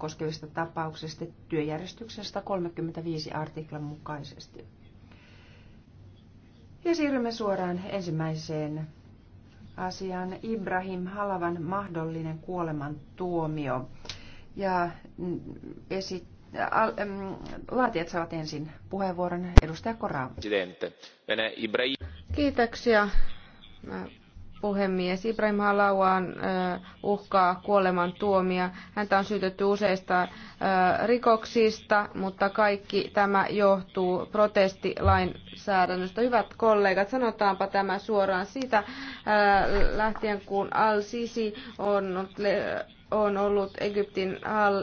koskevista tapauksista työjärjestyksen 135 artiklan mukaisesti. Ja siirrymme suoraan ensimmäiseen asiaan. Ibrahim Halavan mahdollinen kuoleman tuomio Ja mm, esit, mm, laatijat saavat ensin puheenvuoron. Edustaja Korao. Kiitoksia puhemies. Ibrahim Halauan uhkaa kuoleman tuomia. Häntä on syytetty useista rikoksista, mutta kaikki tämä johtuu protestilainsäädännöstä. Hyvät kollegat, sanotaanpa tämä suoraan siitä lähtien, kun Al-Sisi on, on ollut Egyptin hall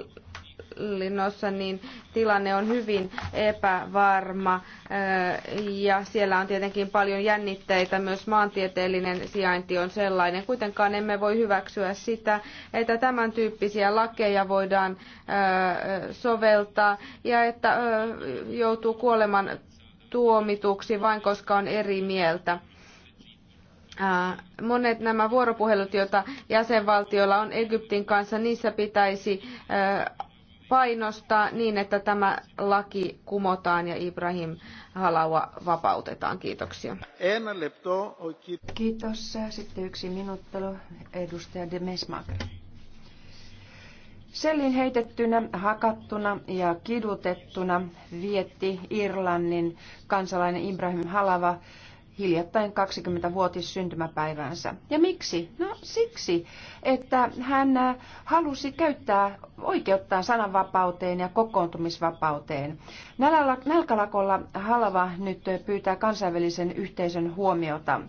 hallinnossa, niin tilanne on hyvin epävarma eh, ja siellä on tietenkin paljon jännitteitä. Myös maantieteellinen sijainti on sellainen. Kuitenkaan emme voi hyväksyä sitä, että tämän tyyppisiä lakeja voidaan eh, soveltaa ja että eh, joutuu kuoleman tuomituksi vain koska on eri mieltä. Monet nämä vuoropuhelut, joita jäsenvaltioilla on Egyptin kanssa, niissä pitäisi painostaa niin, että tämä laki kumotaan ja Ibrahim Halawa vapautetaan. Kiitoksia. Kiitos. Sitten yksi minuuttelu. Edustaja Sellin heitettynä, hakattuna ja kidutettuna vietti Irlannin kansalainen Ibrahim Halava hiljattain 20-vuotis syntymäpäiväänsä. Ja miksi? No siksi, että hän äh, halusi käyttää oikeuttaan sananvapauteen ja kokoontumisvapauteen. Nälkälakolla halava nyt pyytää kansainvälisen yhteisön huomiota.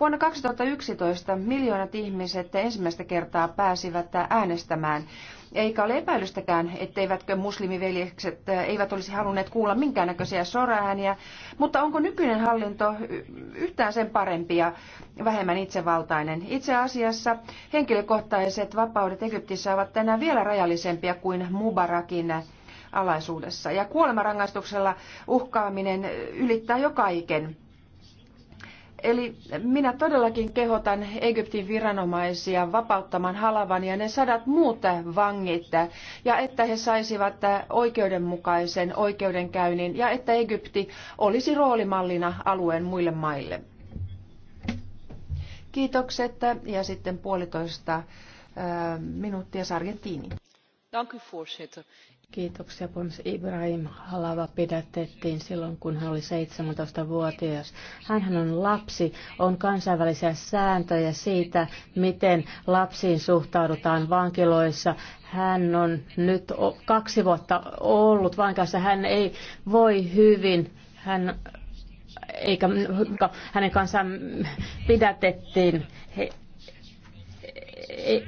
Vuonna 2011 miljoonat ihmiset ensimmäistä kertaa pääsivät äänestämään eikä ole epäilystäkään, etteivätkö muslimiveljekset eivät olisi halunneet kuulla minkäännäköisiä soraääniä, mutta onko nykyinen hallinto yhtään sen parempi ja vähemmän itsevaltainen? Itse asiassa henkilökohtaiset vapaudet Egyptissä ovat tänään vielä rajallisempia kuin Mubarakin alaisuudessa. Ja kuolemarangaistuksella uhkaaminen ylittää jo kaiken Eli minä todellakin kehotan Egyptin viranomaisia vapauttamaan Halavan ja ne sadat muut vangit ja että he saisivat oikeudenmukaisen oikeudenkäynnin ja että Egypti olisi roolimallina alueen muille maille. Kiitokset ja sitten puolitoista minuuttia Sargentini. Dank u voorzitter. Kiitoksia, puhemies. Ibrahim Halava pidätettiin silloin, kun hän oli 17-vuotias. Hänhän on lapsi, on kansainvälisiä sääntöjä siitä, miten lapsiin suhtaudutaan vankiloissa. Hän on nyt kaksi vuotta ollut vankilassa. Hän ei voi hyvin. Hän eikä hänen kanssaan pidätettiin. He, he, e,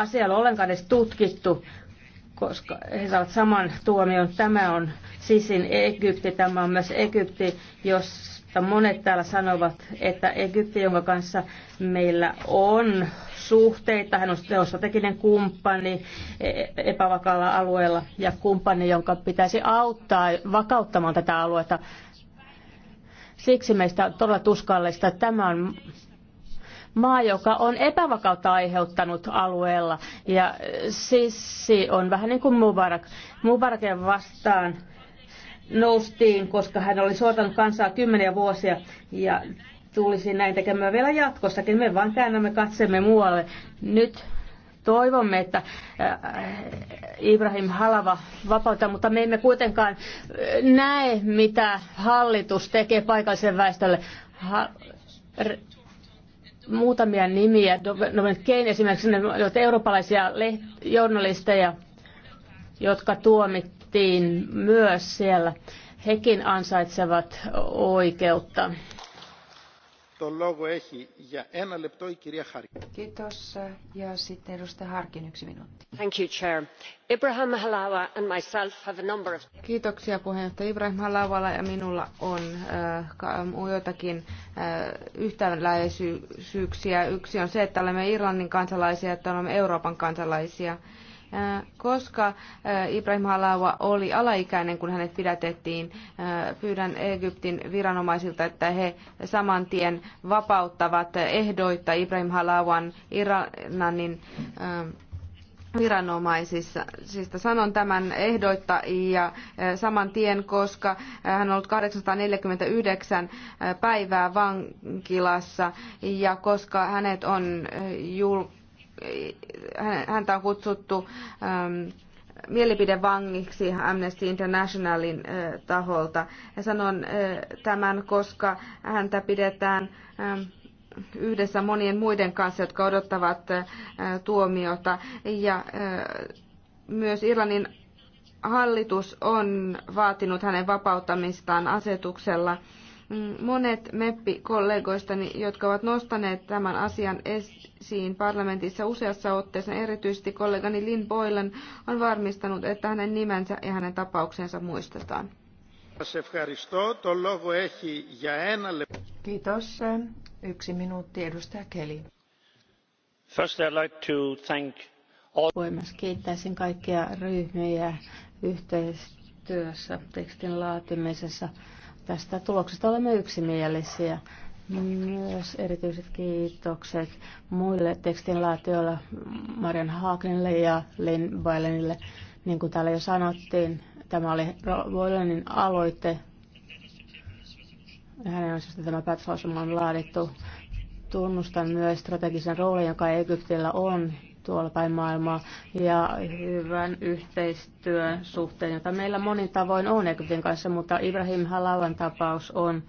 asialla ollenkaan edes tutkittu, koska he saavat saman tuomion. Tämä on Sisin Egypti, tämä on myös Egypti, josta monet täällä sanovat, että Egypti, jonka kanssa meillä on suhteita, hän on strateginen kumppani e, epävakaalla alueella ja kumppani, jonka pitäisi auttaa vakauttamaan tätä aluetta. Siksi meistä on todella tuskallista. Tämä on maa, joka on epävakautta aiheuttanut alueella. Ja sissi on vähän niin kuin Mubarak. Mubarakin vastaan noustiin, koska hän oli sortanut kansaa kymmeniä vuosia ja tulisi näin tekemään vielä jatkossakin. Me vaan käännämme katsemme muualle. Nyt toivomme, että äh, Ibrahim Halava vapautetaan, mutta me emme kuitenkaan äh, näe, mitä hallitus tekee paikallisen väestölle muutamia nimiä, no Kein esimerkiksi, ne olivat eurooppalaisia journalisteja, jotka tuomittiin myös siellä. Hekin ansaitsevat oikeutta. Kiitos. puhemies sitten Thank you, Chair. Ibrahim Halawa and myself have a number of... Kiitoksia puheenjohtaja. Ibrahim Halawalla ja minulla on äh, mm, joitakin äh, yhtäläisyyksiä. Yksi on se, että olemme Irlannin kansalaisia, että olemme Euroopan kansalaisia. Koska Ibrahim Halawa oli alaikäinen, kun hänet pidätettiin, pyydän Egyptin viranomaisilta, että he saman tien vapauttavat ehdoitta Ibrahim Halawan Iranin viranomaisissa. Siis sanon tämän ehdoitta ja saman tien, koska hän on ollut 849 päivää vankilassa ja koska hänet on julkaistu häntä on kutsuttu ähm, mielipidevangiksi Amnesty Internationalin äh, taholta. Ja sanon äh, tämän, koska häntä pidetään ähm, yhdessä monien muiden kanssa, jotka odottavat äh, tuomiota. Ja myös Irlannin hallitus on vaatinut hänen vapauttamistaan asetuksella. Mm, monet MEPPI-kollegoistani, jotka ovat nostaneet tämän asian esiin parlamentissa useassa otteessa, erityisesti kollegani Lynn Boylan, on varmistanut, että hänen nimensä ja hänen tapauksensa muistetaan. Kiitos. Yksi minuutti, edustaja Kelly. First, I'd like to thank all... Puhemies, kiittäisin kaikkia ryhmiä yhteistyössä tekstin laatimisessa. Tästä tuloksesta olemme yksimielisiä. Myös erityiset kiitokset muille tekstinlaatioille, Marian Haaknille ja Lynn Bailenille. Niin kuin täällä jo sanottiin, tämä oli Voilenin aloite. Hänen ansiosta tämä päätöslauselma on laadittu. Tunnustan myös strategisen roolin, joka Egyptillä on tuolla päin maailmaa ja hyvän yhteistyön suhteen, jota meillä monin tavoin on Egyptin kanssa, mutta Ibrahim Halavan tapaus on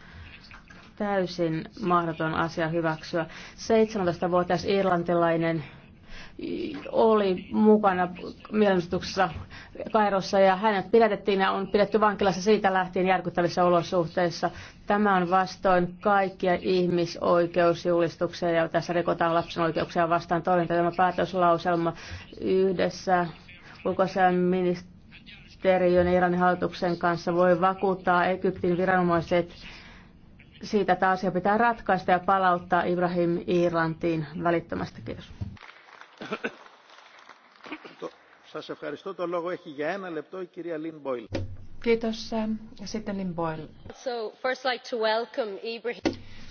täysin mahdoton asia hyväksyä. 17-vuotias irlantilainen oli mukana mielenosoituksessa Kairossa ja hänet pidätettiin ja on pidetty vankilassa siitä lähtien järkyttävissä olosuhteissa. Tämä on vastoin kaikkia ihmisoikeusjulistuksia ja tässä rikotaan lapsen oikeuksia vastaan toiminta. Tämä päätöslauselma yhdessä ulkoasiainministeriön ja Iranin hallituksen kanssa voi vakuuttaa Egyptin viranomaiset siitä, että asia pitää ratkaista ja palauttaa Ibrahim Irlantiin välittömästi. Kiitos. Kiitos. Ja sitten Lynn Boyle.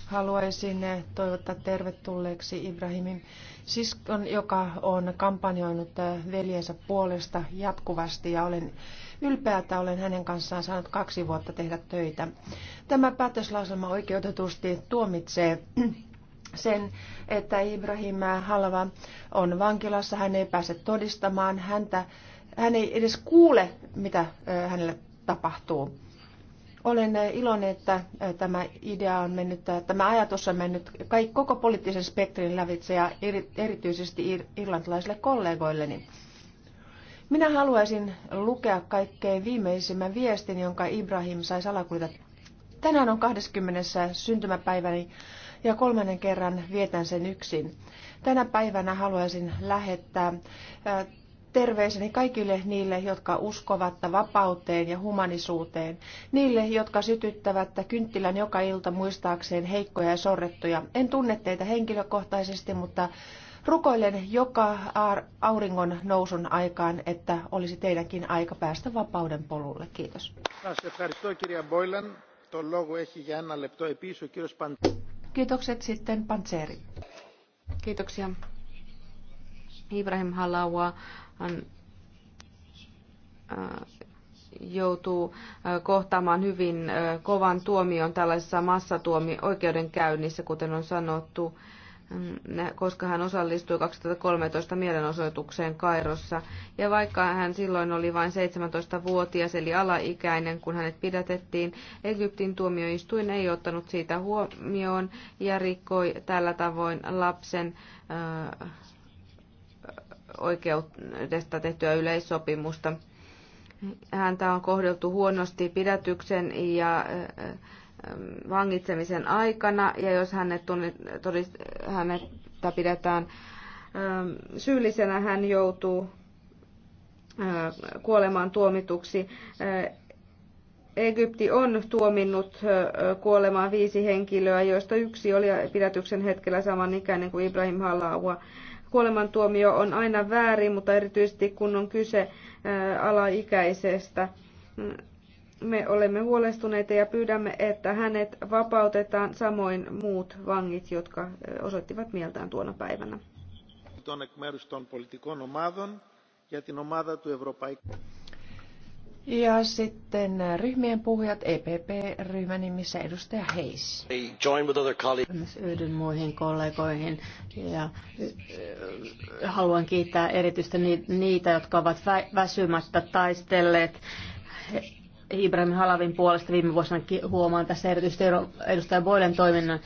Haluaisin toivottaa tervetulleeksi Ibrahimin siskon, joka on kampanjoinut veljensä puolesta jatkuvasti ja olen ylpeä, että olen hänen kanssaan saanut kaksi vuotta tehdä töitä. Tämä päätöslauselma oikeutetusti tuomitsee sen, että Ibrahim Halva on vankilassa, hän ei pääse todistamaan, häntä, hän ei edes kuule, mitä hänelle tapahtuu. Olen iloinen, että tämä idea on mennyt, tämä ajatus on mennyt kaikki, koko poliittisen spektrin lävitse ja erityisesti irlantilaisille kollegoilleni. Minä haluaisin lukea kaikkein viimeisimmän viestin, jonka Ibrahim sai salakuljetettua Tänään on 20. syntymäpäiväni ja kolmannen kerran vietän sen yksin. Tänä päivänä haluaisin lähettää terveiseni kaikille niille, jotka uskovat vapauteen ja humanisuuteen, niille, jotka sytyttävät kynttilän joka ilta muistaakseen heikkoja ja sorrettuja. En tunne teitä henkilökohtaisesti, mutta rukoilen joka auringon nousun aikaan, että olisi teidänkin aika päästä vapauden polulle. Kiitos. Kiitokset sitten Pantseri. Kiitoksia. Ibrahim Halawa on, äh, joutuu äh, kohtaamaan hyvin äh, kovan tuomion tällaisessa massatuomi oikeudenkäynnissä, kuten on sanottu. Äh, koska hän osallistui 2013 mielenosoitukseen Kairossa. Ja vaikka hän silloin oli vain 17-vuotias eli alaikäinen, kun hänet pidätettiin, Egyptin tuomioistuin ei ottanut siitä huomioon ja rikkoi tällä tavoin lapsen oikeudesta tehtyä yleissopimusta. Häntä on kohdeltu huonosti pidätyksen ja vangitsemisen aikana ja jos hänet, tunnit, todist, hänet pidetään syyllisenä, hän joutuu kuolemaan tuomituksi. Egypti on tuominnut kuolemaan viisi henkilöä, joista yksi oli pidätyksen hetkellä samanikäinen kuin Ibrahim Halaua. Kuolemantuomio on aina väärin, mutta erityisesti kun on kyse alaikäisestä me olemme huolestuneita ja pyydämme, että hänet vapautetaan samoin muut vangit, jotka osoittivat mieltään tuona päivänä. Ja sitten ryhmien puhujat EPP-ryhmän nimissä edustaja Hayes. Myös yhdyn muihin kollegoihin ja haluan kiittää erityisesti niitä, jotka ovat väsymättä taistelleet Ibrahim Halavin puolesta viime vuosina huomaan tässä erityisesti edustaja Boylen toiminnan.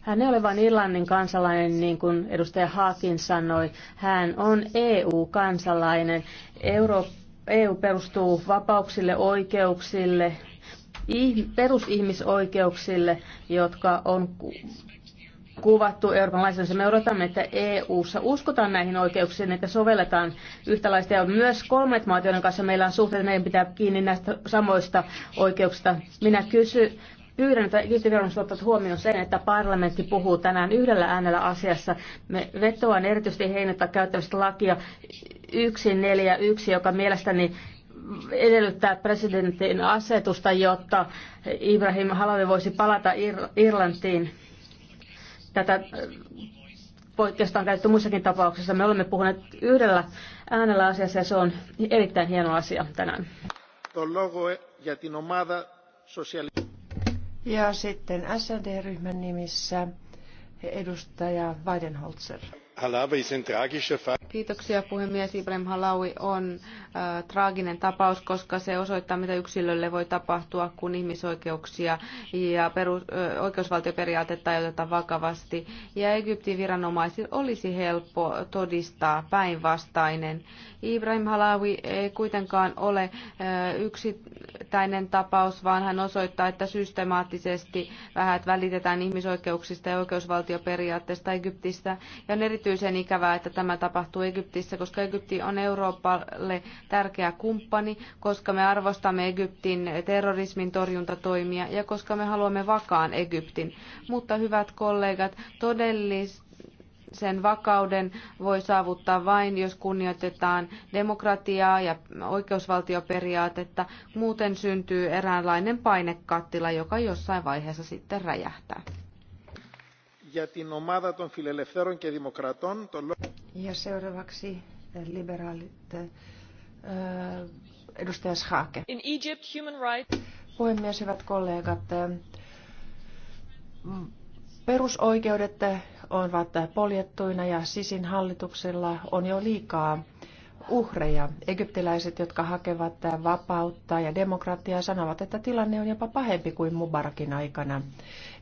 Hän ei ole vain Irlannin kansalainen, niin kuin edustaja Haakin sanoi. Hän on EU-kansalainen. Euro, EU perustuu vapauksille, oikeuksille, perusihmisoikeuksille, jotka on kuvattu Euroopan lainsäädännössä. Me odotamme, että EU-ssa uskotaan näihin oikeuksiin, että sovelletaan yhtälaista ja myös kolmet maat, joiden kanssa meillä on suhteet, meidän pitää kiinni näistä samoista oikeuksista. Minä kysy, pyydän, että kiintiöviranomaiset ottavat huomioon sen, että parlamentti puhuu tänään yhdellä äänellä asiassa. Me vetoan erityisesti heinettä käyttävästä lakia 141, joka mielestäni edellyttää presidentin asetusta, jotta Ibrahim Halavi voisi palata Ir- Irlantiin. Tätä poikkeusta äh, on käytetty muissakin tapauksissa. Me olemme puhuneet yhdellä äänellä asiassa ja se on erittäin hieno asia tänään. Ja sitten SND-ryhmän nimissä edustaja Weidenholzer. Kiitoksia puhemies. Ibrahim Halawi on äh, traaginen tapaus, koska se osoittaa, mitä yksilölle voi tapahtua, kun ihmisoikeuksia ja perus, äh, oikeusvaltioperiaatetta ei oteta vakavasti. Ja Egyptin viranomaisille olisi helppo todistaa päinvastainen. Ibrahim Halawi ei kuitenkaan ole äh, yksi yksittäinen tapaus, vaan hän osoittaa, että systemaattisesti vähät välitetään ihmisoikeuksista ja oikeusvaltioperiaatteesta Egyptissä. Ja on erityisen ikävää, että tämä tapahtuu Egyptissä, koska Egypti on Euroopalle tärkeä kumppani, koska me arvostamme Egyptin terrorismin torjuntatoimia ja koska me haluamme vakaan Egyptin. Mutta hyvät kollegat, todellista sen vakauden voi saavuttaa vain, jos kunnioitetaan demokratiaa ja oikeusvaltioperiaatetta. Muuten syntyy eräänlainen painekattila, joka jossain vaiheessa sitten räjähtää. Ja Ja seuraavaksi liberaalit. Äh, edustaja Schaake. In Egypt, human rights... Puhemies, hyvät kollegat, äh, perusoikeudet ovat poljettuina ja Sisin hallituksella on jo liikaa uhreja. Egyptiläiset, jotka hakevat vapautta ja demokratiaa, sanovat, että tilanne on jopa pahempi kuin Mubarakin aikana.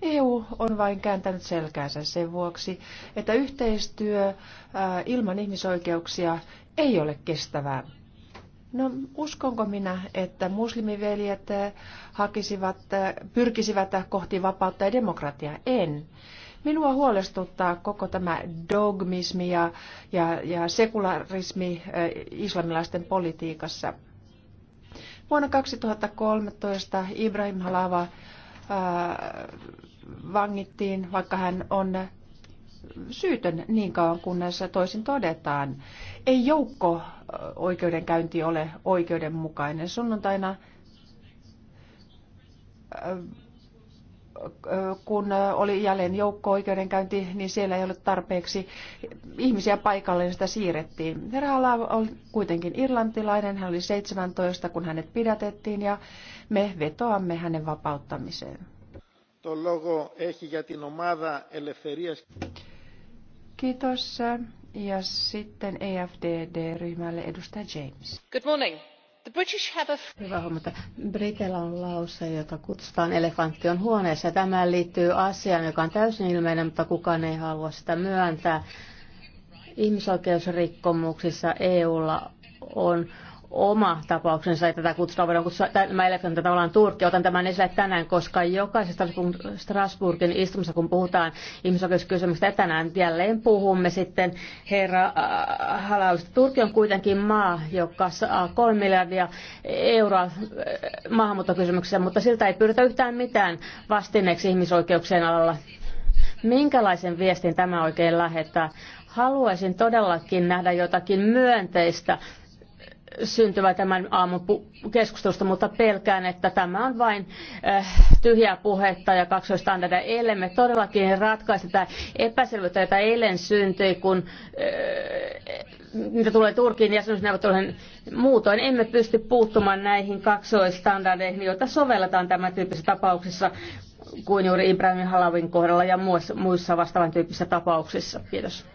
EU on vain kääntänyt selkäänsä sen vuoksi, että yhteistyö ilman ihmisoikeuksia ei ole kestävää. No uskonko minä, että muslimiveljet hakisivat, pyrkisivät kohti vapautta ja demokratiaa? En. Minua huolestuttaa koko tämä dogmismi ja, ja, ja sekularismi islamilaisten politiikassa. Vuonna 2013 Ibrahim Halava ää, vangittiin, vaikka hän on syytön niin kauan kunnes toisin todetaan. Ei joukko oikeudenkäynti ole oikeudenmukainen. Sunnuntaina kun oli jälleen joukko-oikeudenkäynti, niin siellä ei ollut tarpeeksi ihmisiä paikalle, niin sitä siirrettiin. Herra oli kuitenkin irlantilainen, hän oli 17, kun hänet pidätettiin, ja me vetoamme hänen vapauttamiseen. Kiitos. Ja sitten EFDD-ryhmälle edustaja James. Good morning. Hyvä että Briteillä on lause, jota kutsutaan elefantti on huoneessa. Tämä liittyy asiaan, joka on täysin ilmeinen, mutta kukaan ei halua sitä myöntää. Ihmisoikeusrikkomuksissa EUlla on oma tapauksensa, että tätä kutsutaan, voidaan kutsua, mä elektron tavallaan Turkki, otan tämän esille tänään, koska jokaisessa Strasbourgin istumassa, kun puhutaan ihmisoikeuskysymyksistä, tänään jälleen puhumme sitten herra äh, Halalista. Turkki on kuitenkin maa, joka saa 3 miljardia euroa äh, maahanmuuttokysymyksessä, mutta siltä ei pyritä yhtään mitään vastineeksi ihmisoikeuksien alalla. Minkälaisen viestin tämä oikein lähettää? Haluaisin todellakin nähdä jotakin myönteistä syntyvä tämän aamun keskustelusta, mutta pelkään, että tämä on vain äh, tyhjää puhetta ja kaksoistandardia. Eilen me todellakin ratkaista tätä epäselvyyttä, jota eilen syntyi, kun äh, mitä tulee Turkin jäsenyysneuvotteluihin muutoin, emme pysty puuttumaan näihin kaksoistandardeihin, joita sovelletaan tämän tyyppisissä tapauksissa kuin juuri Ibrahimin Halavin kohdalla ja muissa vastaavan tyyppisissä tapauksissa. Kiitos.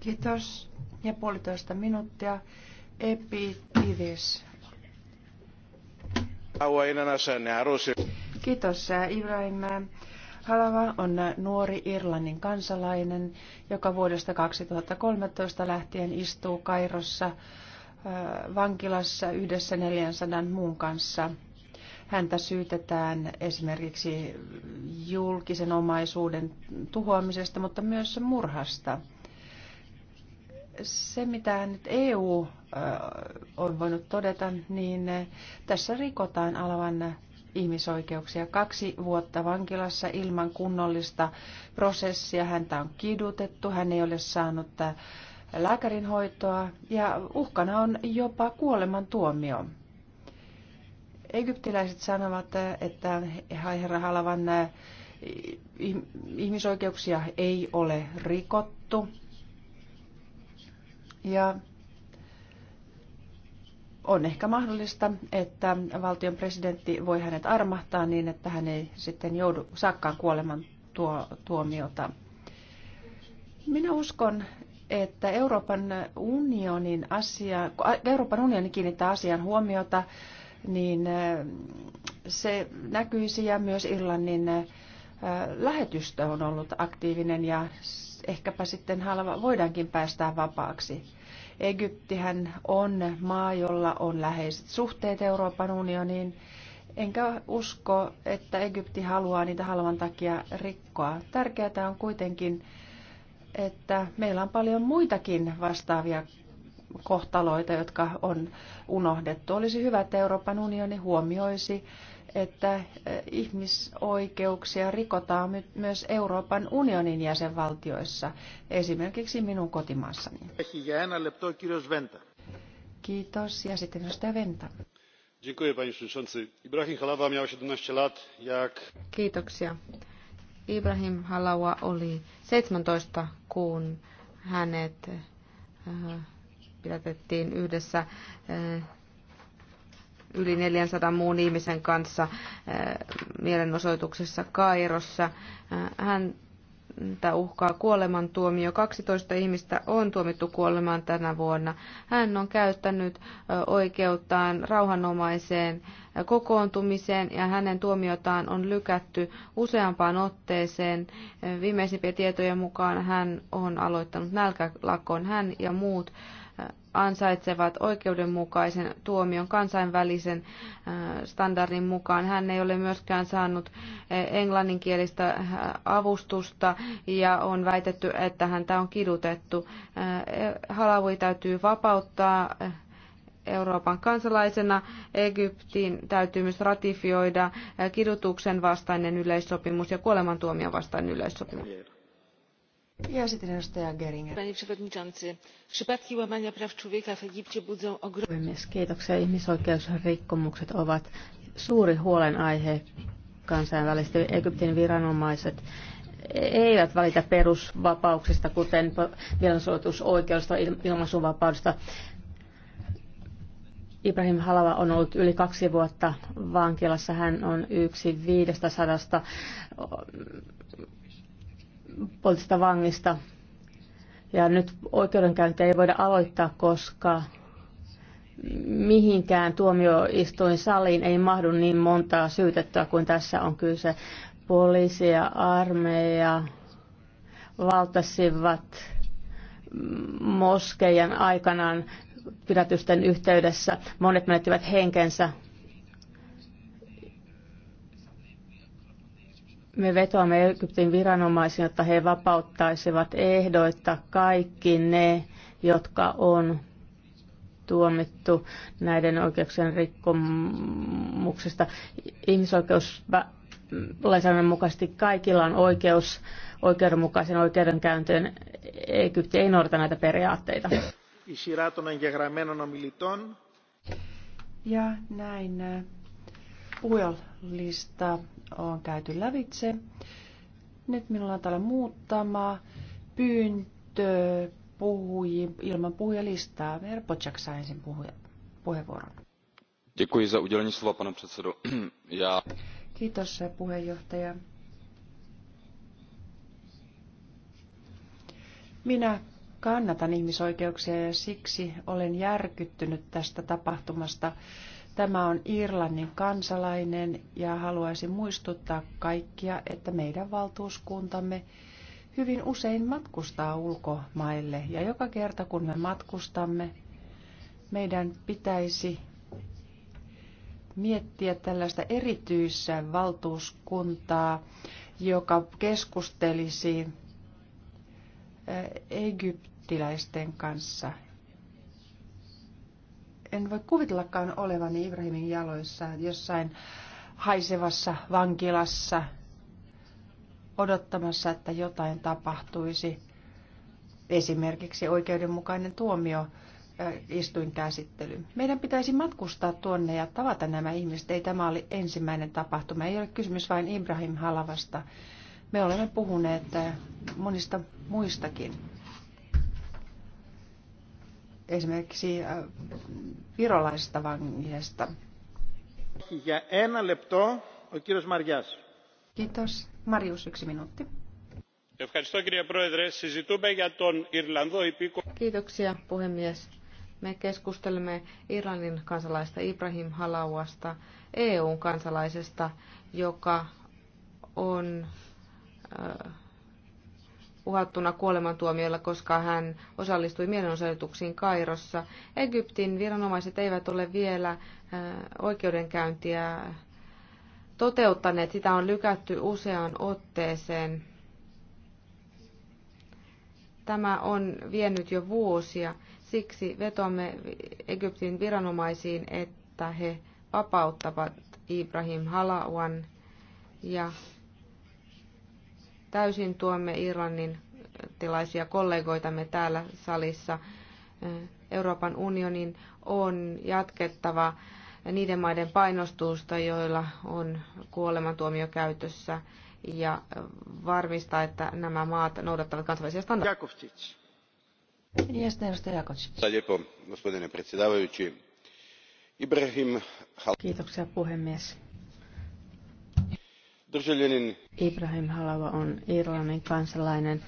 Kiitos ja puolitoista minuuttia Epitides. Kiitos Ibrahim. Halava on nuori Irlannin kansalainen, joka vuodesta 2013 lähtien istuu Kairossa äh, vankilassa yhdessä 400 muun kanssa. Häntä syytetään esimerkiksi julkisen omaisuuden tuhoamisesta, mutta myös murhasta se, mitä nyt EU on voinut todeta, niin tässä rikotaan alavan ihmisoikeuksia. Kaksi vuotta vankilassa ilman kunnollista prosessia. Häntä on kidutettu, hän ei ole saanut lääkärin hoitoa ja uhkana on jopa kuolemantuomio. Egyptiläiset sanovat, että Haihera Halavan ihmisoikeuksia ei ole rikottu ja on ehkä mahdollista, että valtion presidentti voi hänet armahtaa niin, että hän ei sitten joudu saakkaan kuoleman tuo, tuomiota. Minä uskon, että Euroopan unionin, asia, kun Euroopan unioni kiinnittää asian huomiota, niin äh, se näkyisi ja myös Irlannin äh, lähetystö on ollut aktiivinen ja ehkäpä sitten halva, voidaankin päästää vapaaksi. Egyptihän on maa, jolla on läheiset suhteet Euroopan unioniin, enkä usko, että Egypti haluaa niitä halvan takia rikkoa. Tärkeää on kuitenkin, että meillä on paljon muitakin vastaavia kohtaloita, jotka on unohdettu. Olisi hyvä, että Euroopan unioni huomioisi että eh, ihmisoikeuksia rikotaan myös Euroopan unionin jäsenvaltioissa, esimerkiksi minun kotimaassani. Kiitos. Ja sitten edustaja Venta. Ibrahim Halawa 17 lat, jak... Kiitoksia. Ibrahim Halawa oli 17, kun hänet äh, pidätettiin yhdessä äh, yli 400 muun ihmisen kanssa eh, mielenosoituksessa Kairossa. Eh, hän Tämä uhkaa kuolemantuomio. 12 ihmistä on tuomittu kuolemaan tänä vuonna. Hän on käyttänyt eh, oikeuttaan rauhanomaiseen kokoontumiseen ja hänen tuomiotaan on lykätty useampaan otteeseen. Viimeisimpien tietojen mukaan hän on aloittanut nälkälakon. Hän ja muut ansaitsevat oikeudenmukaisen tuomion kansainvälisen äh, standardin mukaan. Hän ei ole myöskään saanut äh, englanninkielistä äh, avustusta ja on väitetty, että häntä on kidutettu. E, Halawi täytyy vapauttaa Euroopan kansalaisena. Egyptin täytyy myös ratifioida kidutuksen vastainen yleissopimus ja kuolemantuomion vastainen yleissopimus. Ja sitten Panie przewodniczący, przypadki łamania praw człowieka w Egipcie budzą ogromne... Ihmisoikeusrikkomukset ovat suuri huolenaihe kansainvälisesti. Egyptin viranomaiset eivät välitä perusvapauksista, kuten mielenosoitusoikeudesta, ilmaisuvapaudesta. Ibrahim Halawa on ollut yli kaksi vuotta vankilassa. Hän on yksi 500 poliittista vangista. Ja nyt oikeudenkäyntiä ei voida aloittaa, koska mihinkään tuomioistuin saliin ei mahdu niin montaa syytettyä kuin tässä on kyse. Poliisi ja armeija valtasivat moskeijan aikanaan pidätysten yhteydessä. Monet menettivät henkensä Me vetoamme Egyptin viranomaisiin, jotta he vapauttaisivat ehdoitta kaikki ne, jotka on tuomittu näiden oikeuksien rikkomuksesta. Ihmisoikeuslainsäädännön mukaisesti kaikilla on oikeus oikeudenmukaisen oikeudenkäyntiin. Egypti ei noudata näitä periaatteita. Ja näin äh, puhujalista on käyty lävitse. Nyt minulla on täällä muuttama, pyyntö puhuji, ilman puhujalistaa. Herra saa ensin puhuja, puheenvuoron. Děkuji za udělení slova, pane předsedo. Já... Kiitos, puheenjohtaja. Minä kannatan ihmisoikeuksia ja siksi olen järkyttynyt tästä tapahtumasta Tämä on Irlannin kansalainen ja haluaisin muistuttaa kaikkia, että meidän valtuuskuntamme hyvin usein matkustaa ulkomaille ja joka kerta kun me matkustamme, meidän pitäisi miettiä tällaista erityistä valtuuskuntaa, joka keskustelisi egyptiläisten kanssa en voi kuvitellakaan olevani Ibrahimin jaloissa jossain haisevassa vankilassa odottamassa, että jotain tapahtuisi. Esimerkiksi oikeudenmukainen tuomio istuinkäsittely. Meidän pitäisi matkustaa tuonne ja tavata nämä ihmiset. Ei tämä oli ensimmäinen tapahtuma. Ei ole kysymys vain Ibrahim Halavasta. Me olemme puhuneet monista muistakin esimerkiksi äh, virolaisesta vangista. Ja ένα λεπτό, ο κύριος Μαριάς. Kiitos. Marius, yksi minuutti. Kiitoksia, puhemies. Me keskustelemme Irlannin kansalaista Ibrahim Halauasta, EUn kansalaisesta, joka on äh, uhattuna kuolemantuomiolla, koska hän osallistui mielenosoituksiin Kairossa. Egyptin viranomaiset eivät ole vielä äh, oikeudenkäyntiä toteuttaneet. Sitä on lykätty useaan otteeseen. Tämä on vienyt jo vuosia. Siksi vetoamme Egyptin viranomaisiin, että he vapauttavat Ibrahim Halawan ja Täysin tuemme Irlannin tilaisia kollegoitamme täällä salissa. Euroopan unionin on jatkettava niiden maiden painostusta, joilla on kuolemantuomio käytössä ja varmistaa, että nämä maat noudattavat kansainvälisiä standardeja. Kiitoksia puhemies. Ibrahim Halawa on Irlannin kansalainen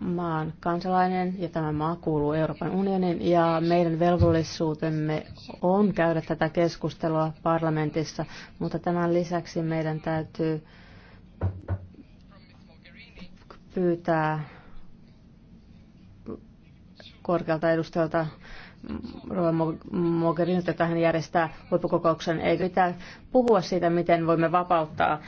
maan kansalainen ja tämä maa kuuluu Euroopan unionin ja meidän velvollisuutemme on käydä tätä keskustelua parlamentissa, mutta tämän lisäksi meidän täytyy pyytää korkealta edustajalta Rova Mogherin, että hän järjestää huippukokouksen, ei pitää puhua siitä, miten voimme vapauttaa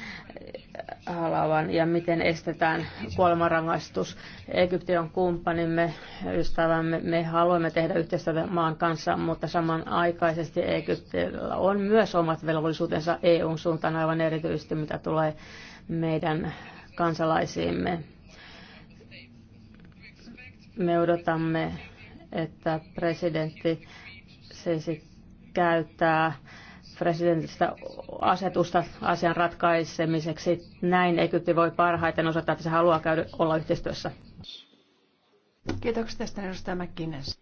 Halavan ja miten estetään kuolemanrangaistus. Egypti on kumppanimme, ystävämme, me haluamme tehdä yhteistyötä maan kanssa, mutta samanaikaisesti Egyptillä on myös omat velvollisuutensa EUn suuntaan aivan erityisesti, mitä tulee meidän kansalaisiimme. Me odotamme että presidentti se käyttää presidentistä asetusta asian ratkaisemiseksi. Näin Egypti voi parhaiten osoittaa, että se haluaa käydä olla yhteistyössä. Kiitoksia tästä edustaja McGuinness.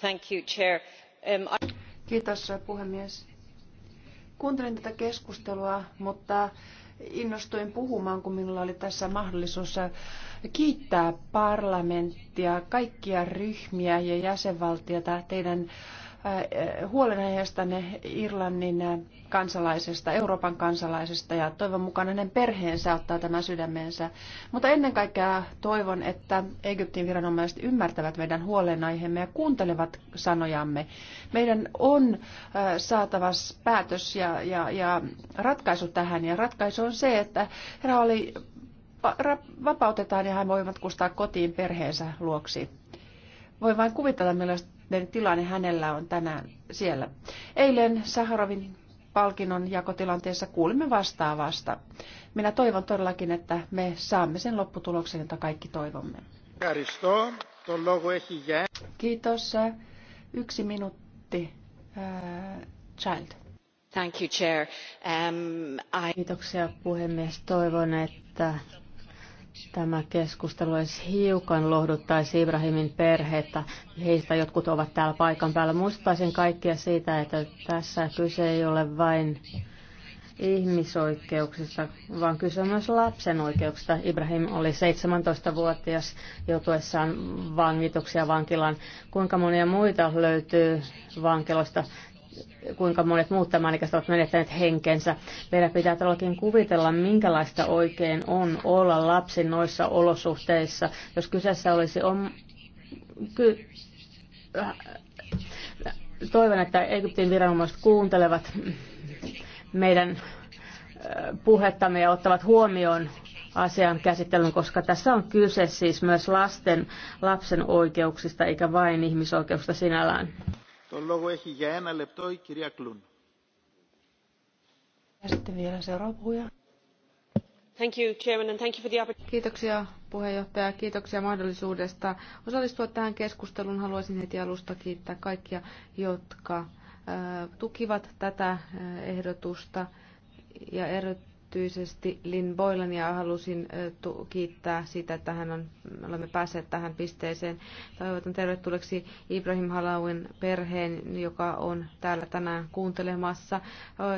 Thank you, Chair. Um, I... Kiitos puhemies. Kuuntelin tätä keskustelua, mutta innostuin puhumaan, kun minulla oli tässä mahdollisuus kiittää parlamenttia, kaikkia ryhmiä ja jäsenvaltiota teidän eh, huolenaiheestanne Irlannin eh, kansalaisesta, Euroopan kansalaisesta ja toivon mukaan hänen perheensä ottaa tämä sydämensä. Mutta ennen kaikkea toivon, että Egyptin viranomaiset ymmärtävät meidän huolenaiheemme ja kuuntelevat sanojamme. Meidän on eh, saatava päätös ja, ja, ja ratkaisu tähän ja ratkaisu on se, että herra oli vapautetaan ja hän voi matkustaa kotiin perheensä luoksi. Voi vain kuvitella, millainen tilanne hänellä on tänään siellä. Eilen Saharovin palkinnon jakotilanteessa kuulimme vastaavasta. Minä toivon todellakin, että me saamme sen lopputuloksen, jota kaikki toivomme. Kiitos. Yksi minuutti. Child. Thank you, Chair. Um, I... Kiitoksia puhemies. Toivon, että Tämä keskustelu edes hiukan lohduttaisi Ibrahimin perhettä. Heistä jotkut ovat täällä paikan päällä. Muistaisin kaikkia siitä, että tässä kyse ei ole vain ihmisoikeuksista, vaan kyse on myös lapsen oikeuksista. Ibrahim oli 17-vuotias joutuessaan vangituksia vankilaan. Kuinka monia muita löytyy vankilosta kuinka monet muut tämän ikäiset ovat menettäneet henkensä. Meidän pitää todellakin kuvitella, minkälaista oikein on olla lapsi noissa olosuhteissa, jos kyseessä olisi on... Ky- Toivon, että Egyptin viranomaiset kuuntelevat meidän puhettamme ja ottavat huomioon asian käsittelyn, koska tässä on kyse siis myös lasten, lapsen oikeuksista eikä vain ihmisoikeuksista sinällään. Kiitoksia puheenjohtaja, kiitoksia mahdollisuudesta osallistua tähän keskusteluun. Haluaisin heti alusta kiittää kaikkia, jotka tukivat tätä ehdotusta ja erityisesti erityisesti Lin Boylan ja halusin kiittää siitä, että hän on, olemme päässeet tähän pisteeseen. Toivotan tervetulleeksi Ibrahim Halawin perheen, joka on täällä tänään kuuntelemassa.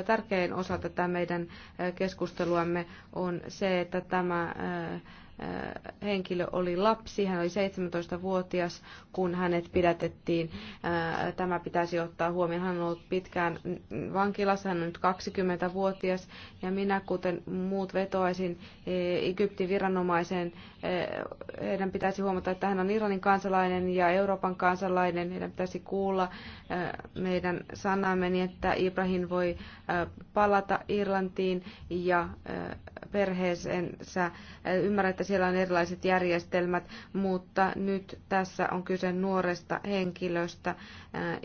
Tärkein osa tätä meidän keskusteluamme on se, että tämä henkilö oli lapsi, hän oli 17-vuotias, kun hänet pidätettiin. Tämä pitäisi ottaa huomioon. Hän on ollut pitkään vankilassa, hän on nyt 20-vuotias ja minä, kuten muut, vetoaisin e, Egyptin viranomaiseen. E, heidän pitäisi huomata, että hän on Iranin kansalainen ja Euroopan kansalainen. Heidän pitäisi kuulla e, meidän sanamme niin, että Ibrahim voi palata Irlantiin ja perheeseensä. Ymmärrä, että siellä on erilaiset järjestelmät, mutta nyt tässä on kyse nuoresta henkilöstä,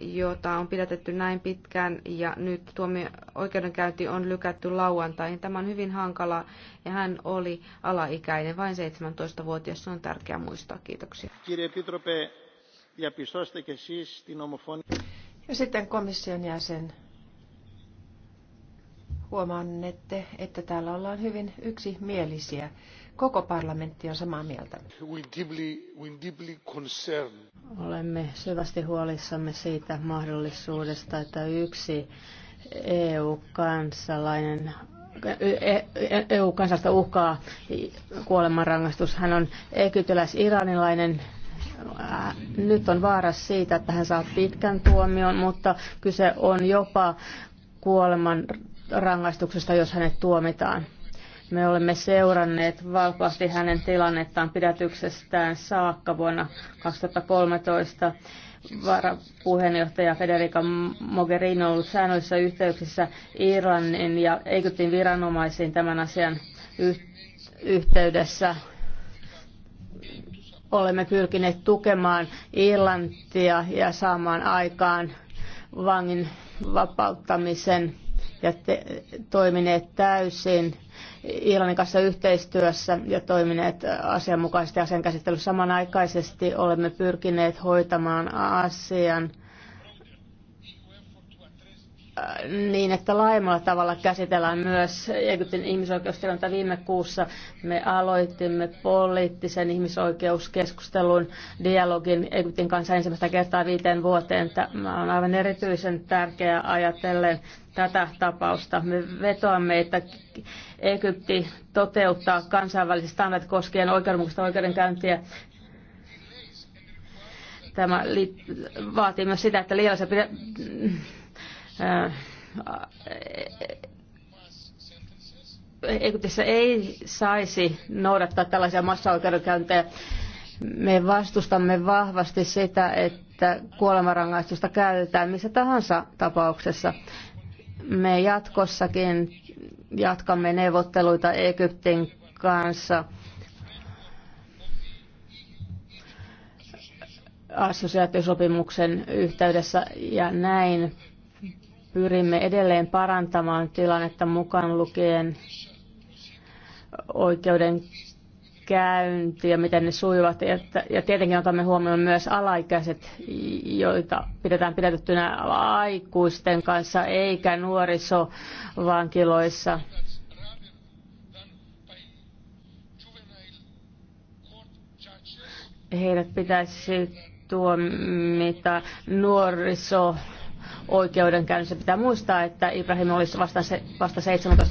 jota on pidätetty näin pitkään ja nyt tuomio oikeudenkäynti on lykätty lauantaihin. Tämä on hyvin hankala ja hän oli alaikäinen, vain 17-vuotias. Se on tärkeää muistaa. Kiitoksia. Siis ja sitten komission jäsen huomannette, että täällä ollaan hyvin yksimielisiä. Koko parlamentti on samaa mieltä. Olemme syvästi huolissamme siitä mahdollisuudesta, että yksi EU-kansalainen EU-kansasta e- e uhkaa kuolemanrangaistus. Hän on egyptiläis-iranilainen nyt on vaara siitä, että hän saa pitkän tuomion, mutta kyse on jopa kuoleman rangaistuksesta, jos hänet tuomitaan. Me olemme seuranneet valkoasti hänen tilannettaan pidätyksestään saakka vuonna 2013. Varapuheenjohtaja Federica Mogherini on ollut säännöllisissä yhteyksissä Irlannin ja Egyptin viranomaisiin tämän asian yhteydessä. Olemme pyrkineet tukemaan Irlantia ja saamaan aikaan vangin vapauttamisen ja te, toimineet täysin Irlannin kanssa yhteistyössä ja toimineet asianmukaisesti asian käsittelyssä. Samanaikaisesti olemme pyrkineet hoitamaan asian niin, että laajemmalla tavalla käsitellään myös Egyptin ihmisoikeustilannetta. Viime kuussa me aloitimme poliittisen ihmisoikeuskeskustelun dialogin Egyptin kanssa ensimmäistä kertaa viiteen vuoteen. Tämä on aivan erityisen tärkeää ajatellen tätä tapausta. Me vetoamme, että Egypti toteuttaa kansainväliset standardit koskien oikeudenmukaista oikeudenkäyntiä tämä vaatii myös sitä, että liialliset Äh, Egyptissä ei saisi noudattaa tällaisia massaoikeudenkäyntejä. Me vastustamme vahvasti sitä, että kuolemarangaistusta käytetään missä tahansa tapauksessa. Me jatkossakin jatkamme neuvotteluita Egyptin kanssa assosiaatiosopimuksen yhteydessä ja näin pyrimme edelleen parantamaan tilannetta mukaan lukien oikeuden käynti ja miten ne sujuvat. Ja, tietenkin otamme huomioon myös alaikäiset, joita pidetään pidätettynä aikuisten kanssa eikä nuorisovankiloissa. Heidät pitäisi tuomita nuoriso oikeudenkäynnissä. Pitää muistaa, että Ibrahim olisi vasta, se, vasta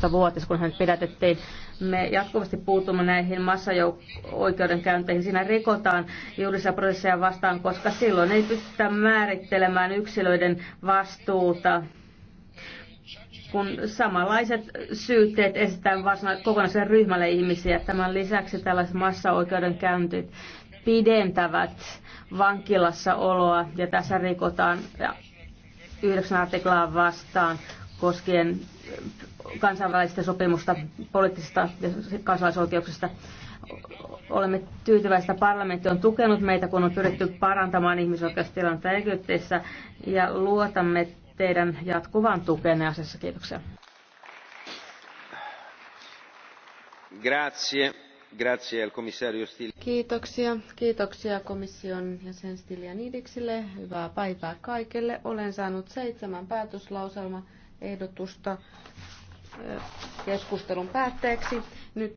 17-vuotias, kun hän pidätettiin. Me jatkuvasti puutumme näihin massajoukko-oikeudenkäynteihin. Siinä rikotaan juridisia prosesseja vastaan, koska silloin ei pystytä määrittelemään yksilöiden vastuuta kun samanlaiset syytteet esitetään kokonaiselle ryhmälle ihmisiä. Tämän lisäksi tällaiset massaoikeudenkäyntit pidentävät vankilassa oloa ja tässä rikotaan 9 artiklaa vastaan koskien kansainvälistä sopimusta poliittisista ja kansalaisoikeuksista. Olemme tyytyväisiä, että parlamentti on tukenut meitä, kun on pyritty parantamaan ihmisoikeustilannetta Egyptissä ja luotamme teidän jatkuvaan tukeen asiassa. Kiitoksia. Grazie. Kiitoksia. Kiitoksia komission jäsen Stylianidiksille. Hyvää päivää kaikille. Olen saanut seitsemän päätöslauselmaehdotusta eh, keskustelun päätteeksi.